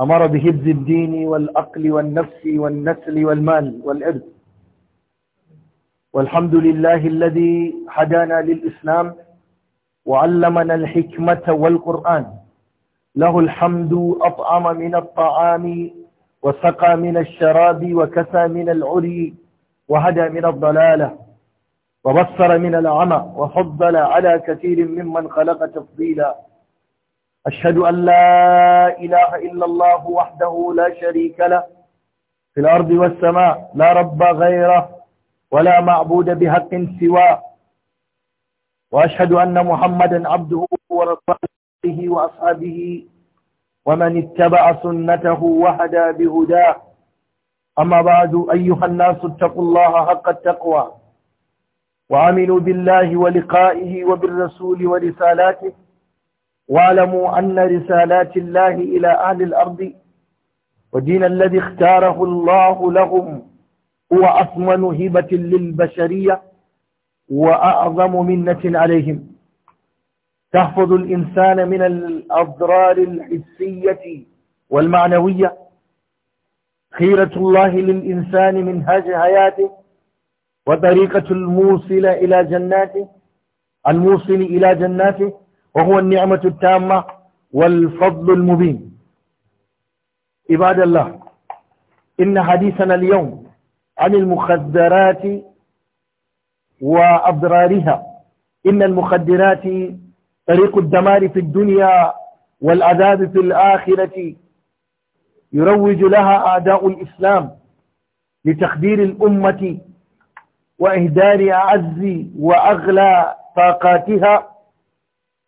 أمر بهبز الدين والأقل والنفس والنسل والمال والإرث والحمد لله الذي هدانا للإسلام وعلمنا الحكمة والقرآن له الحمد أطعم من الطعام وسقى من الشراب وكسى من العري وهدى من الضلالة وبصر من العمى وفضل على كثير ممن خلق تفضيلا أشهد أن لا إله إلا الله وحده لا شريك له في الأرض والسماء لا رب غيره ولا معبود بحق سواه وأشهد أن محمدا عبده ورسوله وأصحابه ومن اتبع سنته وهدى بهداه أما بعد أيها الناس اتقوا الله حق التقوى وعملوا بالله ولقائه وبالرسول ورسالاته واعلموا أن رسالات الله إلى أهل الأرض ودين الذي اختاره الله لهم هو أثمن هبة للبشرية وأعظم منة عليهم تحفظ الإنسان من الأضرار الحسية والمعنوية خيرة الله للإنسان منهاج حياته وطريقة الموصل إلى جناته الموصل إلى جناته وهو النعمة التامة والفضل المبين عباد الله إن حديثنا اليوم عن المخدرات وأضرارها إن المخدرات طريق الدمار في الدنيا والعذاب في الآخرة يروج لها أعداء الإسلام لتخدير الأمة وإهدار أعز وأغلى طاقاتها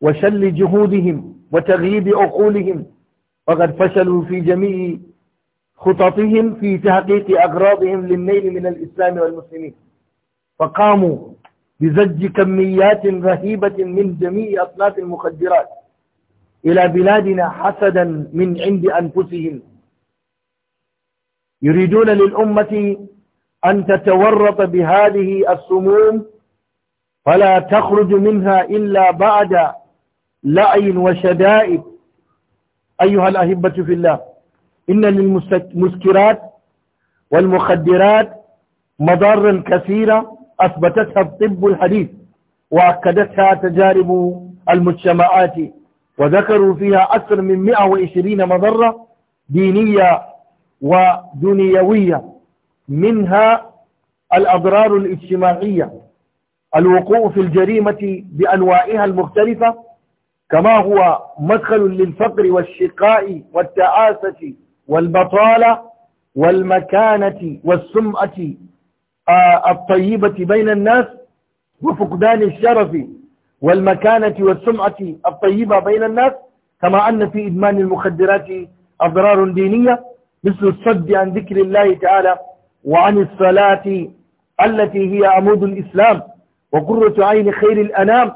وشل جهودهم وتغييب عقولهم وقد فشلوا في جميع خططهم في تحقيق أغراضهم للنيل من الإسلام والمسلمين فقاموا بزج كميات رهيبة من جميع أصناف المخدرات إلى بلادنا حسدا من عند أنفسهم يريدون للأمة أن تتورط بهذه السموم فلا تخرج منها إلا بعد لعين وشدائد أيها الأهبة في الله إن للمسكرات والمخدرات مضارا كثيرة أثبتتها الطب الحديث وأكدتها تجارب المجتمعات وذكروا فيها أكثر من 120 مضرة دينية ودنيوية منها الأضرار الاجتماعية الوقوع في الجريمة بأنواعها المختلفة كما هو مدخل للفقر والشقاء والتعاسة والبطالة والمكانة والسمعة آه، الطيبة بين الناس وفقدان الشرف والمكانة والسمعة الطيبة بين الناس كما أن في إدمان المخدرات أضرار دينية مثل الصد عن ذكر الله تعالى وعن الصلاة التي هي عمود الإسلام وقرة عين خير الأنام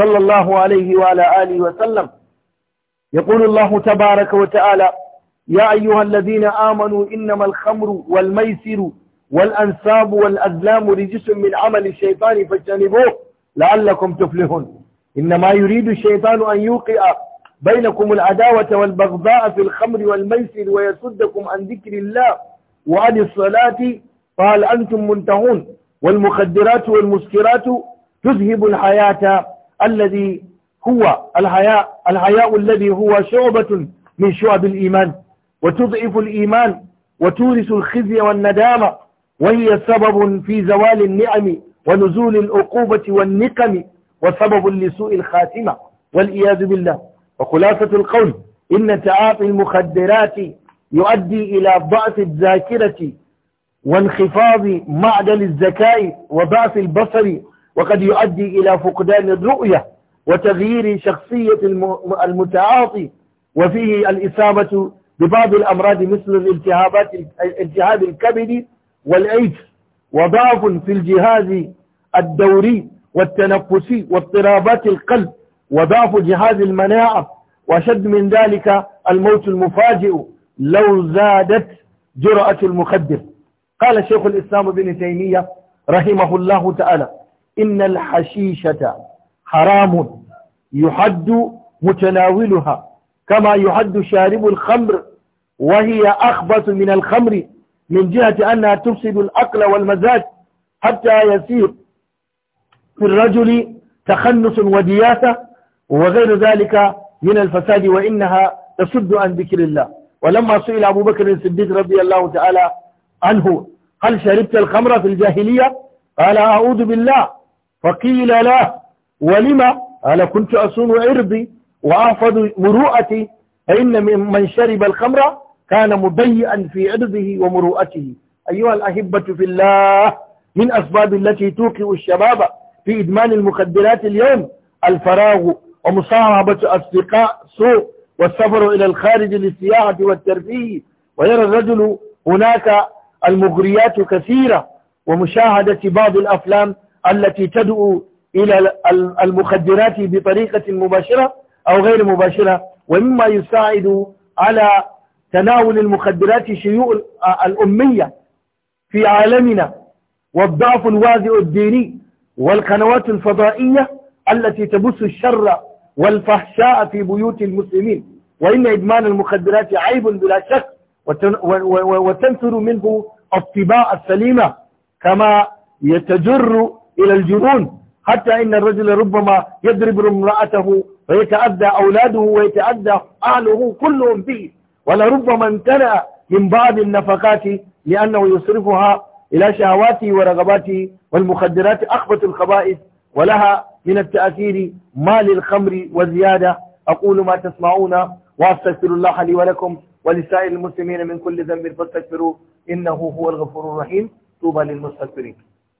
صلى الله عليه وعلى آله وسلم يقول الله تبارك وتعالى يا أيها الذين آمنوا إنما الخمر والميسر والأنساب والأزلام رجس من عمل الشيطان فاجتنبوه لعلكم تفلحون إنما يريد الشيطان أن يوقع بينكم العداوة والبغضاء في الخمر والميسر ويصدكم عن ذكر الله وعن الصلاة فهل أنتم منتهون والمخدرات والمسكرات تذهب الحياة الذي هو الحياء الحياء الذي هو شعبة من شعب الإيمان وتضعف الإيمان وتورث الخزي والندامة وهي سبب في زوال النعم ونزول العقوبة والنقم وسبب لسوء الخاتمة والعياذ بالله وخلاصة القول إن تعاطي المخدرات يؤدي إلى ضعف الذاكرة وانخفاض معدل الذكاء وضعف البصر وقد يؤدي إلى فقدان الرؤية وتغيير شخصية المتعاطي وفيه الإصابة ببعض الأمراض مثل الالتهابات الالتهاب الكبد والإيدز وضعف في الجهاز الدوري والتنفسي واضطرابات القلب وضعف جهاز المناعة وشد من ذلك الموت المفاجئ لو زادت جرأة المخدر قال شيخ الإسلام بن تيمية رحمه الله تعالى إن الحشيشة حرام يحد متناولها كما يحد شارب الخمر وهي أخبث من الخمر من جهة أنها تفسد الأقل والمزاج حتى يسير في الرجل تخنس ودياثة وغير ذلك من الفساد وإنها تصد عن ذكر الله ولما سئل أبو بكر الصديق رضي الله تعالى عنه هل شربت الخمر في الجاهلية قال أعوذ بالله فقيل له ولما قال كنت أصون عرضي وأحفظ مروءتي فإن من شرب الخمر كان مضيئا في عرضه ومروءته أيها الأحبة في الله من أسباب التي توقع الشباب في إدمان المخدرات اليوم الفراغ ومصاحبة أصدقاء سوء والسفر إلى الخارج للسياحة والترفيه ويرى الرجل هناك المغريات كثيرة ومشاهدة بعض الأفلام التي تدعو إلى المخدرات بطريقة مباشرة أو غير مباشرة ومما يساعد على تناول المخدرات شيوع الأمية في عالمنا والضعف الوازع الديني والقنوات الفضائية التي تبث الشر والفحشاء في بيوت المسلمين وإن إدمان المخدرات عيب بلا شك وتنثر منه الطباع السليمة كما يتجر إلى الجنون حتى إن الرجل ربما يضرب امرأته ويتأذى أولاده ويتأذى أهله كلهم به ولربما امتنع من بعض النفقات لأنه يصرفها إلى شهواته ورغباته والمخدرات أخبث الخبائث ولها من التأثير ما للخمر وزيادة أقول ما تسمعون وأستغفر الله لي ولكم ولسائر المسلمين من كل ذنب فاستغفروه إنه هو الغفور الرحيم طوبى للمستغفرين